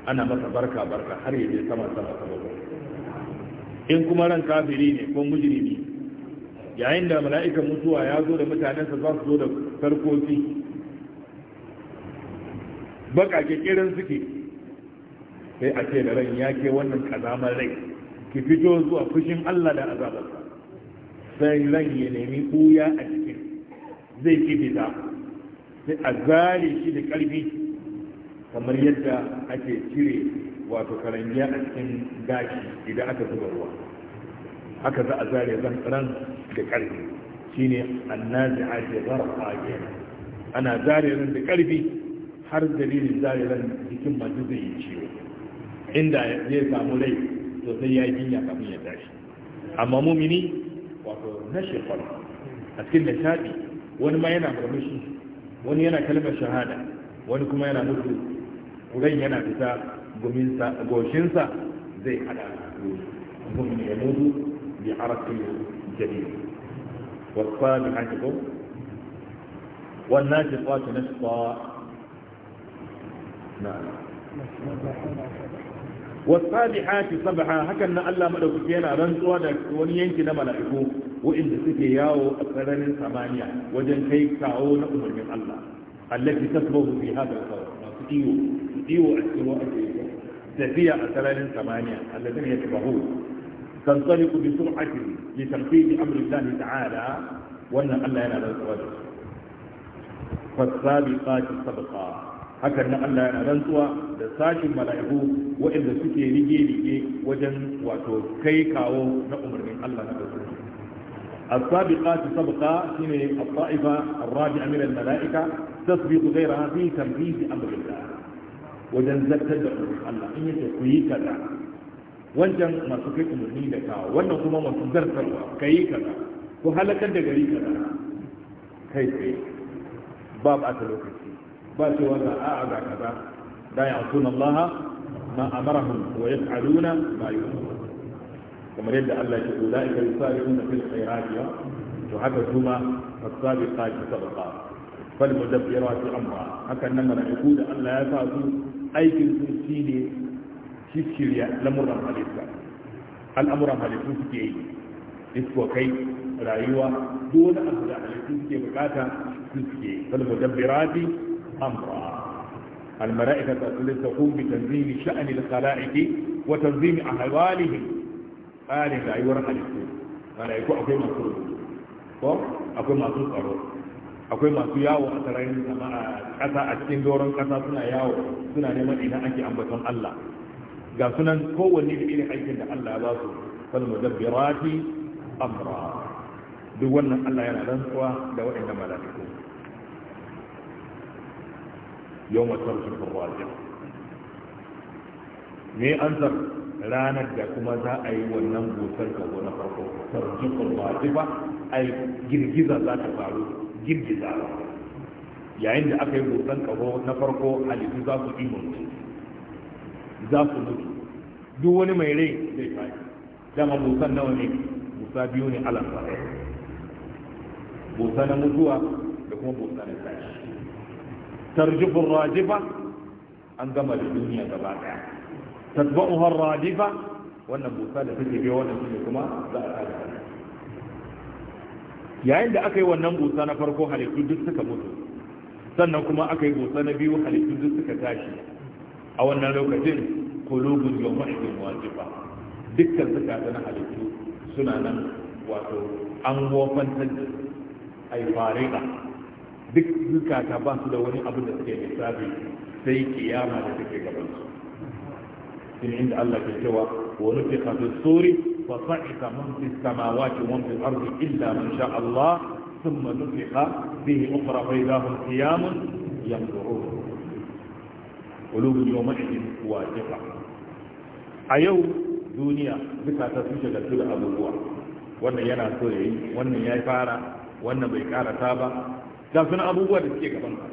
ana masa barka barka har ya je sama sama sama in kuma ran kafiri ne ko mujrimi yayin da mala'ikan mutuwa ya zo da mutanensa za su zo da sarkoki Baka ke kirin suke sai a ce da ran ya ke wannan kazamar rai ki fito zuwa fushin Allah da azabarsa sai ran ya nemi kuya a cikin zai ki fita sai a zare shi da karfi kamar yadda ake cire wato karangiya a cikin gashi idan aka zuba ruwa haka za a zare zan ran da karfi shine annazi zarfa kenan ana zare ran da karfi har dalilin zariran jikin masu zai yi ciwo inda zai samu rai to sai ya yi jinya kafin ya tashi amma mumini wato na shekwar a cikin nishaɗi wani ma yana murmushi wani yana kalmar shahada wani kuma yana mutu ran yana fita goshinsa zai hada mumini ya mutu bi harafin jadid wasu fara bi hajjiko wannan shi kwata na نعم والصالحات صبحا هكذا الله مدوك يانا رنسوا ونينك نمنا إبو وإن سكي ياو أكثرين ثمانية وجن كي تعون أمر من الله التي تسبه في هذا القول سكيو سكيو أسكوا سفيا أكثرين ثمانية الذين يتبهون تنطلق بسرعة لتنفيذ أمر الله تعالى وأن الله ينال الزواج فالسابقات السبقات hakan nan Allah yana rantsuwa da sashin mala'iku waɗanda suke rige-rige wajen wato kai kawo na umarnin Allah na ƙasar السابقات سبقة هنا الطائفة الراجعة من الملائكة تسبق غيرها في تنفيذ أمر الله وجنزت تدعو الله إن تكوي كذا وانجن ما تكوي أمرني لك وانا كما ما تزرت الله كي كذا وهلك الدقري كذا كيف باب أتلوكتي ba cewa a a ga kaza da ya asuna Allah ma amarahum wa yaf'aluna ma yu'marun kamar yadda Allah ya ce ulaika yusari'una fil khairati to haka kuma fasabiqati sabaqa fal mudabbirati amra hakan nan mala'iku da Allah ya sa su aikin su shine shirya lamuran halitta al'amuran halittu suke yi iskokai rayuwa dole wani abu da halittu suke bukata su suke fal mudabbirati أمرا الملائكة تقوم بتنظيم شأن الخلائق وتنظيم أحوالهم آل لا يورق الاسلام ملائكة أكوي مصروف أكوي مصروف أروف akwai masu yawo a sararin kasa a cikin doron kasa suna yawo suna neman ina ake ambaton Allah ga sunan kowanne da irin aikin da Allah ya ba su kalmu dabbirati amra duk wannan Allah yana rantsuwa da waɗannan malaiku yawma tarjul raji me ansar ranar da kuma za a yi wannan busar kago na farko tarjul raji ba yi girgiza za ta faru girgiza yayin da aka yi busar kago na farko halittu za su imanci za su mutu duk wani mai rai zai faɗi dama busan nawa ne busa biyu ne alam busa na mutuwa da kuma busa na tashi tarjifin rajifa an gama da duniya gaba daya tatba'uhar rajifa wannan busa da take biyo wannan shine kuma za a tsaya yayin da aka yi wannan busa na farko halittu duk suka mutu sannan kuma aka yi busa na biyu halittu duk suka tashi a wannan lokacin kulubun yau ma'aikin wajiba dukkan suka na halittu suna nan wato an wofantar ai farida duk zukata ba su da wani abu da suke lissafi sai kiyama da take gaban su in inda Allah ke cewa wa nufiqa fi suri fa sa'iqa man fi samawati wa man fi ardi illa man sha Allah thumma nufiqa fihi ukhra fa idahum qiyamun yanzurun qulubun yawma'idin wajifa a yau duniya zukata su shiga da abubuwa wannan yana so yayi wannan ya fara wannan bai karata ba ga suna abubuwa da suke gaban ka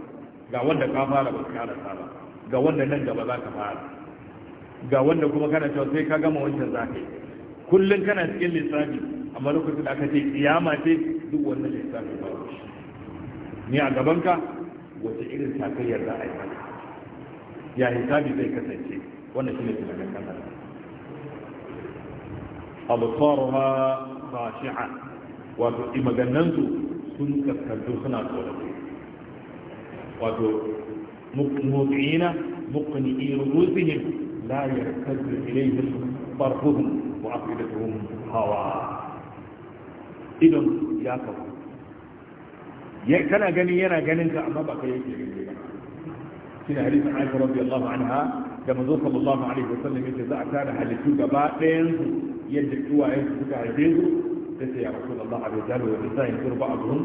ga wanda ka fara ba ka rasa ba ga wanda nan gaba za ka fara ga wanda kuma kana cewa sai ka gama wancan za ka yi kullum kana cikin lissafi amma lokacin da aka ce kiyama ce duk wannan lissafi ba ni a gaban ka wace irin takayyar za a yi maka ya hisabi zai kasance wannan shine tunanin kana ba shi'a wato imagannansu تون كتدخنا قولتي وادو مبعين مقنئي رؤوسهم لا يرتد إليهم طرفهم وأفئدتهم هواء. إذن يا فضل يا كنا غني انا غنينك اما بقى يجي كده حديث عائشه رضي الله عنها كما ذكر صلى الله عليه وسلم اذا كان حل الشبابين يدعوا ايه بتاع الدين كثير يا رسول الله عليه وجل ويسائل كل بعضهم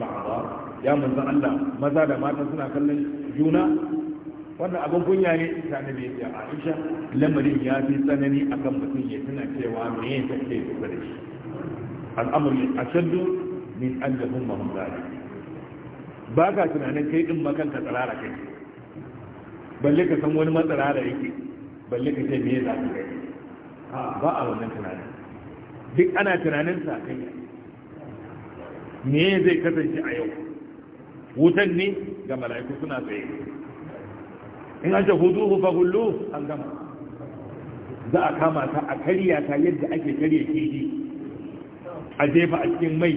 بعضا يا من ذا الله ما زال ما تسنى كلن جونا وانا ابو كن يعني كان يا عائشة لما لي يا في سنني اكم بكن يتنى كيوا مي تكتير بريش الامر اشد من ان لهم هم ذلك باقا تنعنين كي اما كان تترارا كي بل لك سموني ما ترارا كي بل لك تبيه ذاتي ها باقا ونن تنعنين duk ana tunanin sa kan ya me zai kasance a yau wutan ne ga mala'iku suna tsaye in an ce huzuhu fa hullu an gama za a kama ta a karya ta yadda ake karya kifi a jefa a cikin mai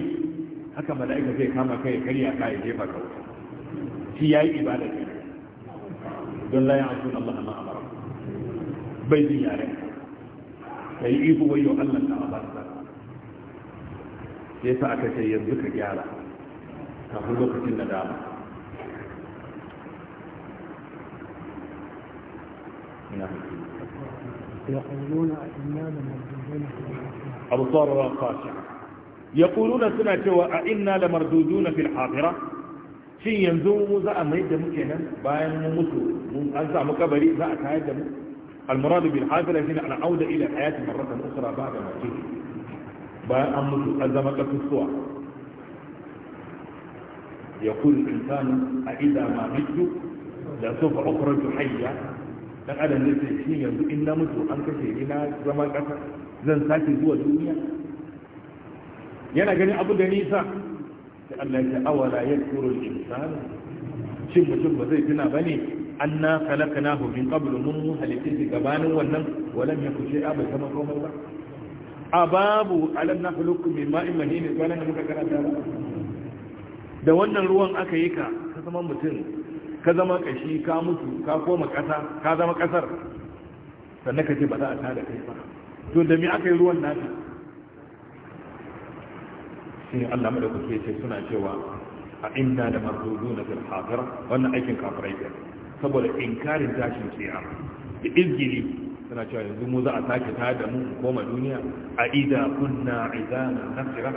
haka mala'ika zai kama kai karya ka ya jefa ka wuta shi yayi ibada ne don la ya'tun Allah ma amara bai jin yare kai iko wayo Allah ta amara yasa aka ce yanzu ka gyara kafin يقولون سنة وإنا لمردودون في الحاضرة شين ينزوم زعم يد مكنا باين ممتو أنزع مكبري زعت هذا المراد بالحاضرة هنا أن أعود إلى الحياة مرة أخرى بعد ما تجيب bayan an mutu an zama kasusuwa ya kuri insanu a ida ma mutu da sofa ukurar hayya dan adam zai ce shi yanzu in na mutu an kashe ni na zama ƙasa, zan sake zuwa duniya yana ganin abu da nisa sai Allah ya ce awala yakuru al-insanu shin mutum ba zai tuna bane anna khalaqnahu min qablu mun halitta gabanin wannan walam yakun shay'a bai kama komai ba a babu alam na hulukku mai ma'in mahimmin kwanan da muka karanta da wannan ruwan aka yi ka ka zama mutum ka zama kashi ka mutu ka koma ƙasa ka zama ƙasar sannan ka ce ba za a tada kai ba to da mi aka yi ruwan naka shi Allah kuke ce suna cewa a inda da marzuzuna fil hafira wannan aikin kafirai saboda inkarin tashin kiyama da izgiri suna cewa yanzu mu za a sake ta da mu koma duniya a ida kunna izama nasira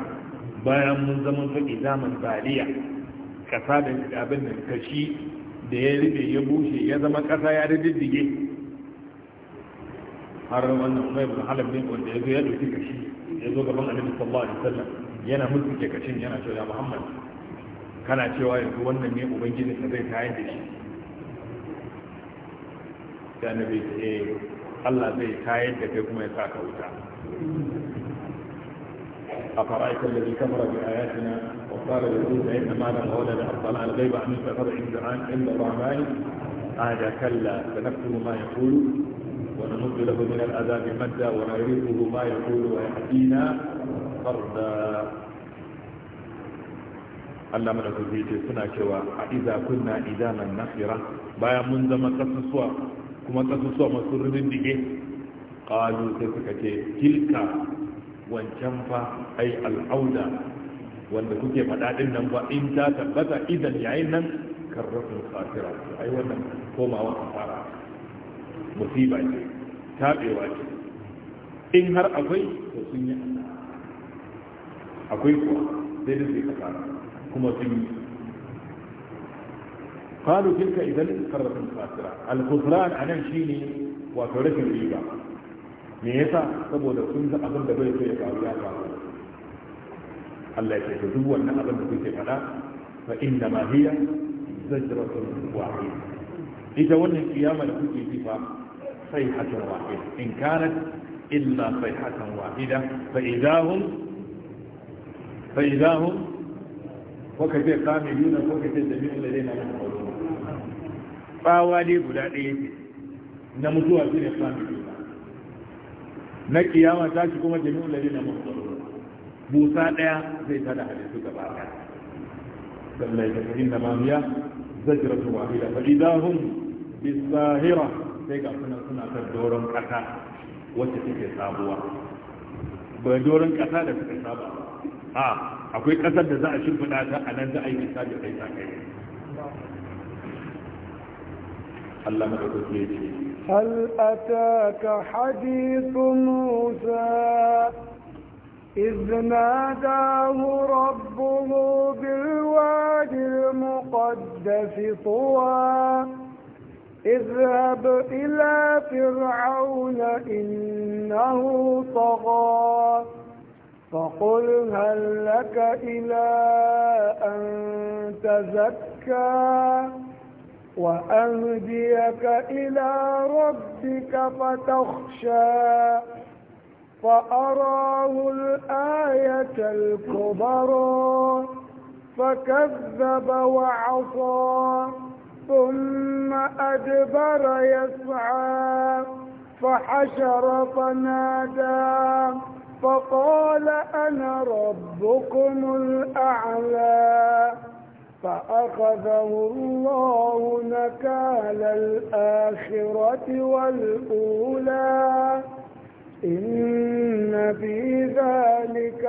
bayan mun zama ta izaman baliya kasa da abin da kashi da ya rube ya bushe ya zama kasa ya diddige. har wannan umar ibn halab ne wanda ya zo ya dauki kashi ya zo gaban annabi sallallahu alaihi wasallam yana ke kashin yana cewa muhammad kana cewa yanzu wannan ne ubangiji ka zai tayar da shi da annabi eh Allah zai tayar da kai kuma ya sa ka wuta a fara'aikar da zika fara bi ayatina wa tsara da zuwa yin amalan hawala da abdala algai ba amin safar inda an inda ramani a da kalla da nafsu ma ya kulu wa na mutu lahu min al'azabi madda wa na yuridu ma ya kulu wa ya hadina farda Allah mana kuzi ce suna cewa a iza kunna idaman nasira bayan mun zama kasusuwa kuma kasusuwa masu dike kalu sai suka ce tilka wancan fa ai al'auda wanda kuke faɗaɗin nan ba in ta tabbata idan yayin nan karrafin fasira ai wannan komawa kasara musiba ce taɓewa ce in har akwai to sun yi akwai kuwa sai da sai kasara kuma sun yi قالوا تلك إذا القرة الخاسرة الخسران أنا شيني وترك الريبة me yasa saboda sun ga abin da bai so ya faru ya faru Allah ya ce duk wannan abin da kuke faɗa fa inna ma hiya zajratun wahid ita wannan kiyama da kuke ji fa sai hatun wahid in kanat illa sai tsawa ne guda ɗaya ce na mutuwa su ne sami na kiyama ta shi kuma jami'un ne na mutuwa busa ɗaya zai tada halittu gaba ɗaya sallai da kari da mamiya zajira su za hun bisa hira sai ga suna suna ta doron ƙasa wacce suke sabuwa ba doron ƙasa da suka saba a akwai ƙasar da za a shimfiɗa ta a nan za a yi misali kai sa kai هل أتاك حديث موسى إذ ناداه ربه بالواد المقدس طوى اذهب إلى فرعون إنه طغى فقل هل لك إلى أن تزكى وأهديك إلى ربك فتخشى فأراه الآية الكبرى فكذب وعصى ثم أدبر يسعى فحشر فنادى فقال أنا ربكم الأعلى فأخذه الله مكان الآخرة والأولى إن في ذلك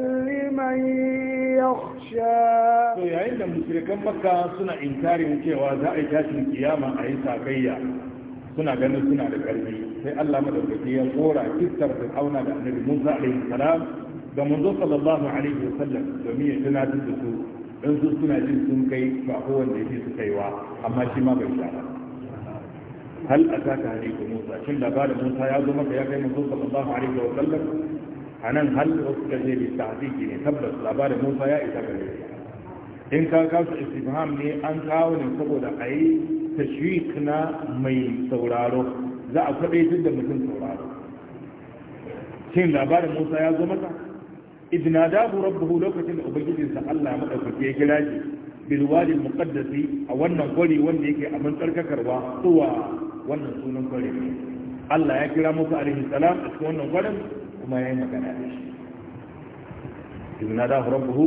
لمن يخشى yayin da mushrikan makka suna inkarin cewa za a yi tashin ƙiyama a yi sakayya suna ganin suna da ƙarfi sai Allah madaukaki ya tsora kistar Fir'auna da Annabi Musa alaihi salam ga manzo sallallahu alaihi domin ya tunatar da su in su suna jin sun kai ba kowanne yake su kaiwa amma shi ma bai hal ba hal ataka ku Musa shin labarin Musa ya zo maka ya kai manzo sallallahu alaihi wa sallam anan hal ka zai bi tahdiki ne tabbas labarin Musa ya isa ne in ka kawo istifham ne an kawo ne saboda ayi tashwik na mai sauraro za a faɗaitar da mutum sauraro shin labarin Musa ya zo maka idna dabu rabbuhu lokacin da ubangijinsa Allah madaukaki ya kira shi bil wadi muqaddasi a wannan kwari wanda yake abin tsarkakarwa tuwa wannan sunan kwari Allah ya kira musu alaihi salam a cikin wannan kwarin kuma ya yi magana da shi idna dabu rabbuhu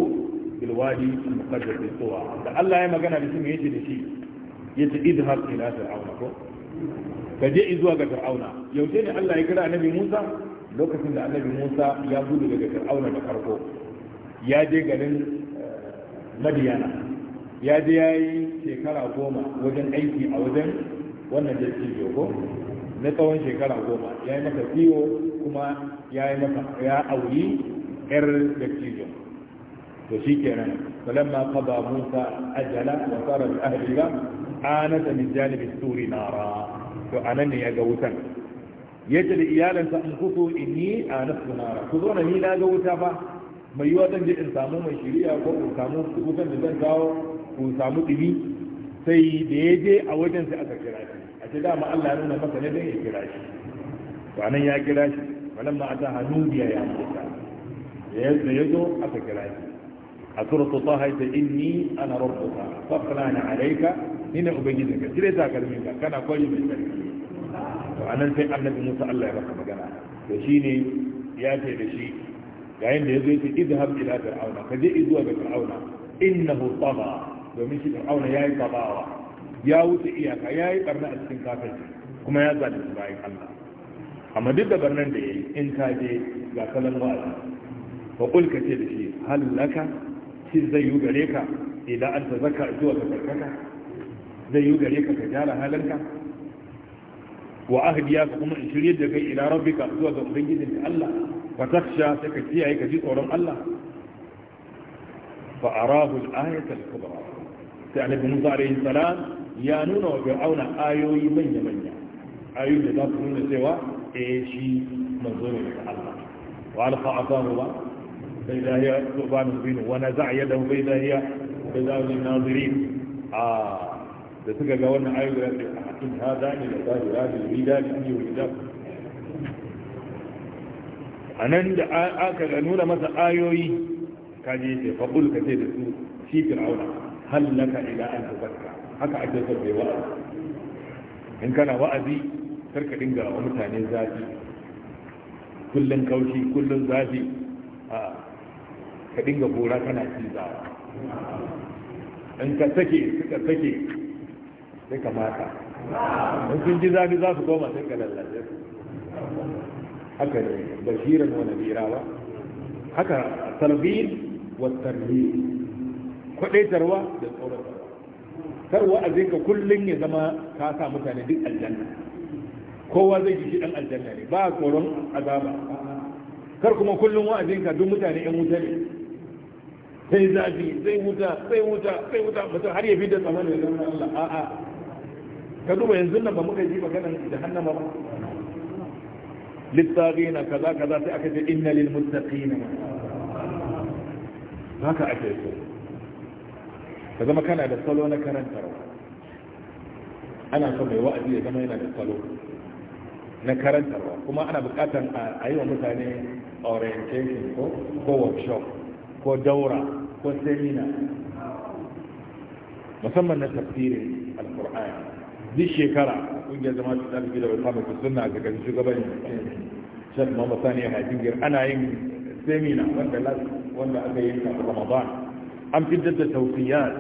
bil wadi muqaddasi tuwa da Allah ya magana da shi me yake da shi yace idhar ila fir'auna ko kaje zuwa ga fir'auna yaushe ne Allah ya kira annabi Musa lokacin da annabi musa ya gudu daga fir'auna da farko ya je garin eh, madiyana ya je ya yi shekara goma wajen aiki a wajen wannan jirgin ko na tsawon shekara goma ya yi masa kiwo kuma ya yi masa ya auri yar dattijo to shi kenan falamma kaba musa ajala wa sara bi ahliha anata min janibi suri nara to anan ne ya ga wutan yace da iyalansa in kuso inni a nasu nara ku zo na ni na ga wuta fa mai yiwa zan je in samu mai shiriya ko in samu wutan da zan kawo ku samu dumi sai da ya je a wajen sai aka kira shi a ce dama Allah nuna masa ne dan ya kira shi to nan ya kira shi wannan ma ata hanubiya ya mutu da ya da yazo aka kira shi a suratu taha ta inni ana rabbuka na alaika, ni ne ubangijinka kire ta karmin ka kana koyi mai sarki a nan sai annabi musa allah ya baka magana to shine ya ce da shi yayin da ya zo ce idhab ila fir'auna ka je zuwa ga fir'auna innahu taba domin shi fir'auna yi tabawa ya wuce iyaka ya yi barna a cikin kafirci kuma ya zalunci bayan allah amma duk da barnan da yayi in ka je ga kalan wa'azi wa qul ka ce da shi hal laka shi zai yi gare ka idan an tazakka zuwa ga karkaka zai yi gare ka ka gyara halinka وأهدياك كما شريتك إلى ربك زوجة أبنجد من الله فتخشى سكتيعك جيء ورم الله فأراه الآية الكبرى سعلى بن موسى عليه السلام يا نون وفرعون آيوي من يمني آيوي لذلك من سوى إيشي مظهور الله وعلى خاطاه الله فإذا هي ثعبان مبين ونزع يده فإذا هي بذاء الناظرين آه da suka ga wannan ayyuka da a hakin ha za ne da zahi ra da rida da ne da a nan da aka ga nuna masa ayoyi kaje ce faɓul ka ce da su shi fir'auna hallaka ila an tazarka haka ake son bai wa'azi in kana wa'azi karka dinga wa mutane zafi kullum kaushi kullum zafi a ka dinga gora kana cizawa in ka sake suka sake sai kamata, mata sun ji zafi za su goma sai ka lallace haka ne bashiran wa nabira ba haka tarbiyyin wa tarbiyyin kwadaitarwa da tsoratarwa tarwa a zai ka kullum ya zama ka sa mutane duk aljanna kowa zai ji ɗan aljanna ne ba tsoron azaba kar kuma kullum zai ka duk mutane yan wuta ne sai zafi sai wuta sai wuta sai wuta mutum har ya fi da tsammanin Allah a'a ka duba yanzu nan ba muka ji maganan jahannama ba littagina kaza kaza sai aka ce inna lil muttaqina haka ake so ka zama kana da salo na karantarwa ana so mai wa'azi ya zama yana da salo na karantarwa kuma ana bukatar a yi wa mutane orientation ko ko workshop ko daura ko seminar musamman na tafsirin alkur'ani duk shekara kungiyar zama su ɗan gida wata mafi suna a gaban shugaban shan mamba sani a hajjiyar ana yin semina wanda wanda aka yi a ramadan an fitar da tausiyar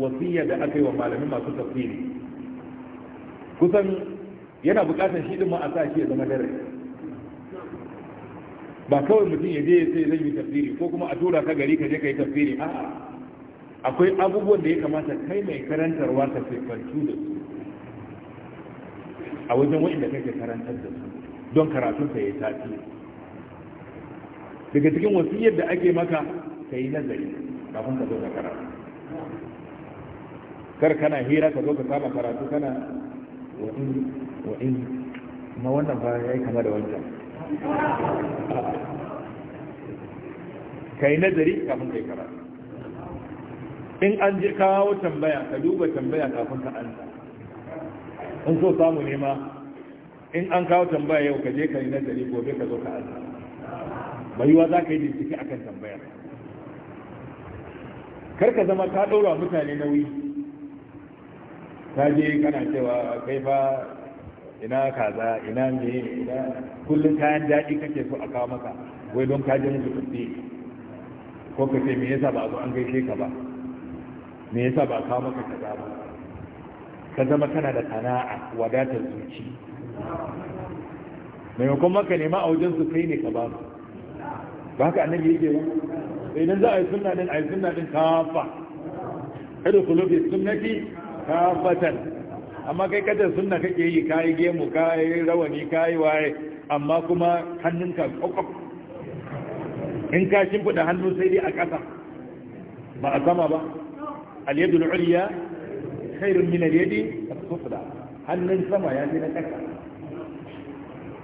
wasiyar da aka yi wa malami masu tafsiri kusan yana bukatar shi din ma a sa shi ya zama dare ba kawai mutum ya je ya sai zai yi tafsiri ko kuma a tura ka gari ka je ka yi tafsiri a'a akwai abubuwan da ya kamata kai mai karantarwa ta sai da su a wajen da kake karantar da su don karatunka ya tafi daga cikin wasiyar da ake maka ka yi nazari kafin ka zo ka karatu kar kana hira ka zo ka kama karatu kana wa'in ma wannan ba ya yi kama da wancan ka yi nazari kafin ka yi karatu in an je kawo tambaya ka duba tambaya kafin ka ansa in so samu nema in an kawo tambaya yau ka je ka yi nazari gobe ka zo ka aza bayuwa za ka yi bincike akan tambayar kar ka zama ka ɗora mutane nauyi ta je kana cewa kai fa ina kaza ina me ina kullum kayan daɗi kake so a kawo maka wai don ka je musu kuɗi ko ka ce me yasa ba a zo an gaishe ka ba me yasa ba a kawo maka kaza ba ka zama kana da sana'a wadatar zuci maimakon maka nema a wajen su kai ne ka ba su ba ka annabi yake ba eh, idan za a yi suna din a yi suna din kafa kada ku lobe sunnati kafatan amma kai kada suna kake yi kayi gemu kayi rawani kayi waye amma kuma hannunka kwakwaf in ka shimfiɗa hannu sai dai a ƙasa ba a sama ba al-yadul uliya khairun min al-yadi as-sufla hannun sama ya ji na kasa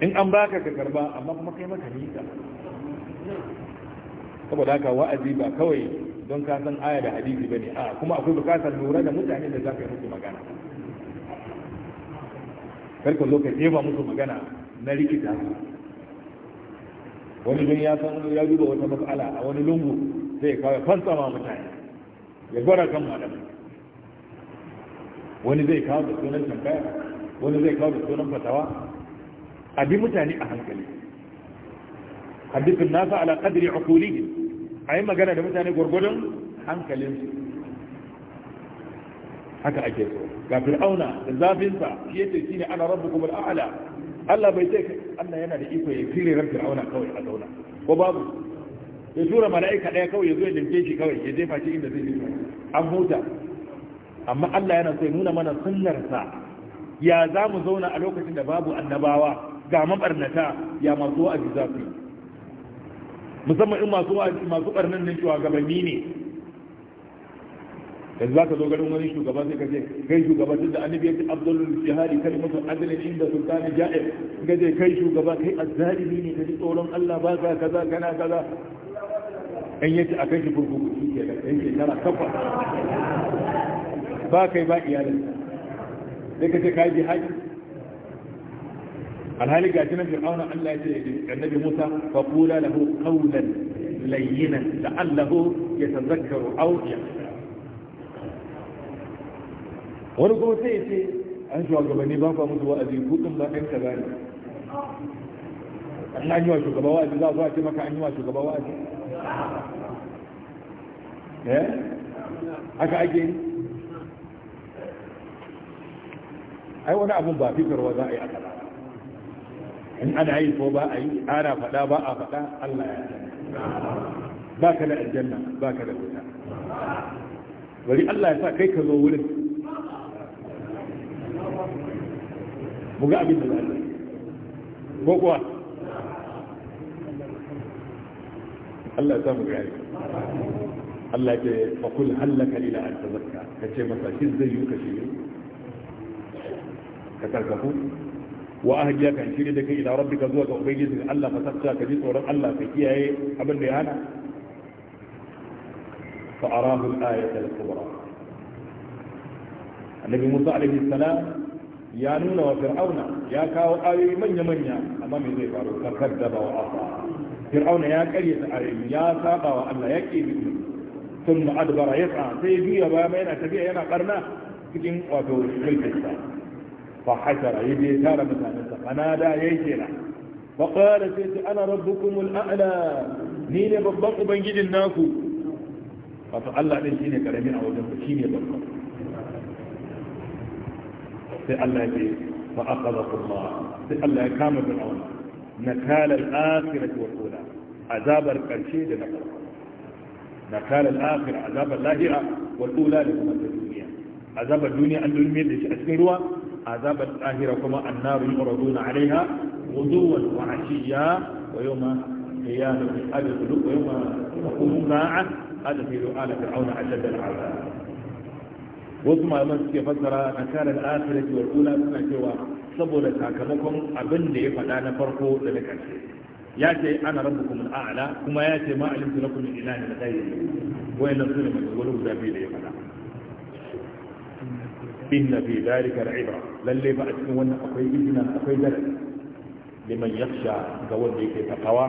in an baka ka karba amma kuma kai maka nisa saboda haka wa'azi ba kawai don ka san aya da hadisi bane a kuma akwai bukatar lura da mutane da zaka yi musu magana karka zo ka ba musu magana na rikita wani don ya san ya duba wata matsala a wani lungu sai ya kawai fantsama mutane ya gwara kan malamai wani zai kawo da sunan tambaya wani zai kawo da sunan fatawa a bi mutane a hankali hadisin nasa ala qadri a ayi magana da mutane gurgurdun hankalinsu haka ake so ga fir'auna da zafinsa shi yace shine ana rabbukum al-a'la Allah bai ce Allah yana da iko ya fire ran fir'auna kawai a zauna ko babu ya tura mala'ika ɗaya kawai ya zo ya dinke shi kawai ya jefa shi inda zai yi an huta amma Allah yana so ya nuna mana sunnarsa ya za mu zauna a lokacin da babu annabawa ga mabarnata ya masu wa'azi za su yi musamman in masu wa'azi masu barnan nan shugabanni ne da za ka zo garin wani shugaba sai ka ce kai shugaba tun da annabi yake abdullul jihadi kai mutu adalin inda sultani ja'ir ga ce kai shugaba kai azzalimi ne kaji tsoron Allah ba ka kaza kana kaza in yace akai shi kurkuku shi ke da yake tara kafa ba kai ba iyalinka sai ka ce ka yi jihadi alhali ga jinan fir'auna Allah ya ce annabi Musa fa qula lahu qawlan layyinan la'allahu yatazakkaru aw yakhsha wani kuma sai ya ce an shugabanni ba fa musu wa'azi kudin ba ɗan kaza ne an yi wa shugaba wa'azi za su ce maka an yi wa shugaba wa'azi eh haka ake yi ai wani abun ba fitarwa za a yi a in ana yi ko ba a yi ana faɗa ba a faɗa Allah ya ba ka da aljanna ba ka da wuta bari Allah ya sa kai ka zo wurin mu ga abin da za a ko kuwa Allah ya mu gari Allah ya ce fa kul halaka ila an tazakka kace masa shi zai yi kashi ka karkafu wa ahdiya kan shirye da kai ila rabbika zuwa ga ubangiji Allah ka tsafta ka ji tsoron Allah ka kiyaye abin da ya hana fa arahu al-ayat al-kubra annabi Musa alaihi salam ya nuna wa fir'auna ya kawo ayoyi manya manya amma me zai faru ka kaddaba wa afa fir'auna ya karyata ayoyi ya saba wa Allah ya ki bi ثم أدبر يسعى سيجي وما yana tafiya yana قرنا cikin wato mulkinsa فحشر يجي يتارى مثلا فنادى يجينا فقال سيتي أنا ربكم الأعلى مين يبقى بنجد الناكو عليه لشيني كلمين أو جنب يبقى سأل الله يجي فأخذه الله سألنا كامل بن عون نكال الآخرة والأولى عذاب الكرشي لنقرأ نكال الآخرة عذاب الله والأولى لكم الدنيا عذاب الدنيا أن نلمي لشيء روى عذاب الآخرة كما النار يعرضون عليها غدوا وعشيا ويوم قيامة أدخلوا ويوم تقوم ساعة أدخلوا آل فرعون أشد العذاب وثم من فسر نكال الآخرة والأولى سنة cewa saboda sakamakon abin da ya faɗa na farko da na ƙarshe ya ce ana kuma al'ala kuma ya ce ma alimtu lakum min ilahin ghayri wayannan sune mai guda biyu da ya faɗa inna fi dhalika la'ibra lalle ba a cikin wannan akwai izina akwai darasi liman yakhsha ga wanda yake takawa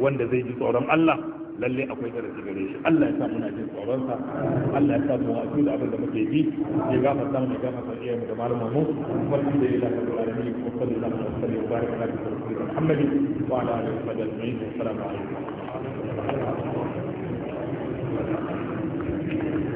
wanda zai ji tsoron Allah lalle akwai darasi gare shi Allah ya sa muna jin tsoron sa Allah ya sa mu a cikin abin da muke ji ya gafarta mu ya gafarta iya da malamin mu walhamdulillahi da alamin wa sallallahu da wa sallam wa da ala sayyidina Muhammad wa ala alihi wa sahbihi assalamu alaikum Thank you.